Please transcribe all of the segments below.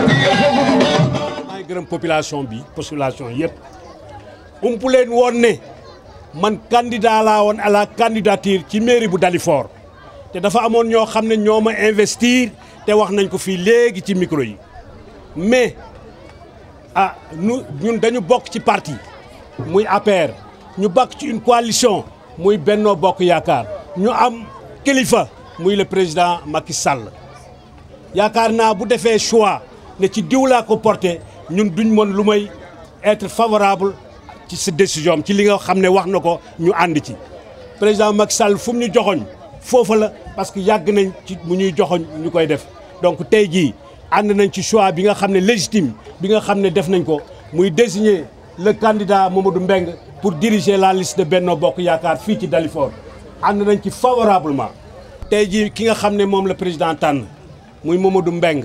maa ngi gërëm population bi population yëpp umpu leen woon ne man candidat laa woon à la candidature ci mairie bu Dalifort te dafa amoon ñoo xam ne ñoo ma investir te wax nañ ko fii léegi ci micro yi mais ah nu ñun dañu bokk ci parti muy APR ñu bakk ci une coalition muy Benno Bokk Yaakaar ñu am kilifa muy le président Macky Sall yaakaar naa bu defee choix ne ci diw laa ko porté ñun duñ être favorable ci cette décision am ci li nga xam ne wax na ñu ci. président Macky Sall fu mu ñu joxoñ foofa la parce que yàgg nañ ci mu ñuy joxoñ ñu koy def donc tey jii ànd nañ ci choix bi nga xamné ne légitime bi nga xamné ne def nañ ko muy désigner le candidat Mamadou Mbeng pour diriger la liste de Benno Bokk Yaakaar fi ci Dalifort and nañ ci favorablement. tey jii ki nga xamné ne le président Tan, muy Mamadou Mbeng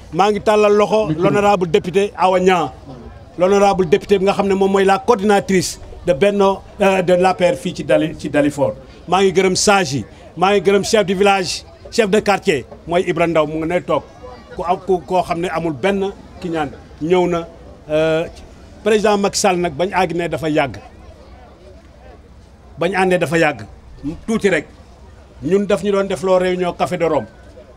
maa ngi tàllal loxo l'honorable député Awa Niang l'honorable député bi nga xam ne moom mooy la coordinatrice de benn euh, de l'APR fii ci Dali ci Dalifort maa ngi gërëm sage yi maa ngi gërëm chef du village chef de quartier mooy Ibra Ndaw mu ngi ne toog ku am ku koo xam ne amul benn kiñaan ñëw na euh, président Macky sal nag bañ àgg ne dafa yàgg bañ àndee dafa yàgg tuuti rek ñun daf ñu doon def loo ñoo Café de Rome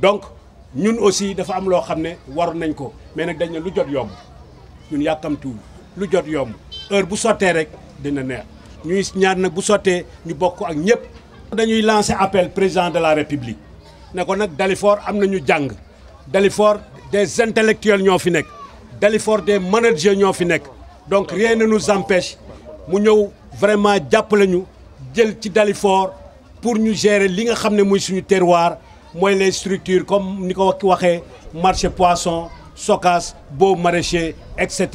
donc nous aussi dafa am mais nous dañ Nous lu jot yomb ñun lu jot yomb heure Nous rek nous lancer appel président de la république Nous ko faire Dalifort nous des intellectuels nous fi Nous des managers nous fi donc rien ne nous empêche nous ñëw vraiment nous, pour nous gérer li nga avons terroir les structures comme ni marché poisson SOCAS beau maraîcher etc.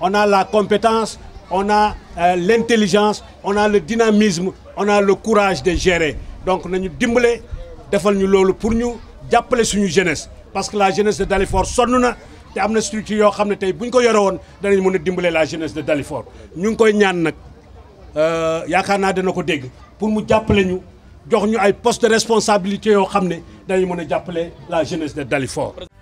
on a la compétence on a euh, l'intelligence on a le dynamisme on a le courage de gérer donc nous devons defal pour jeunesse parce que la jeunesse de Dalifort structure la jeunesse de Dalifort Nous, dit, koy euh, pour y avons un poste de responsabilité qui xam la jeunesse de Dalifort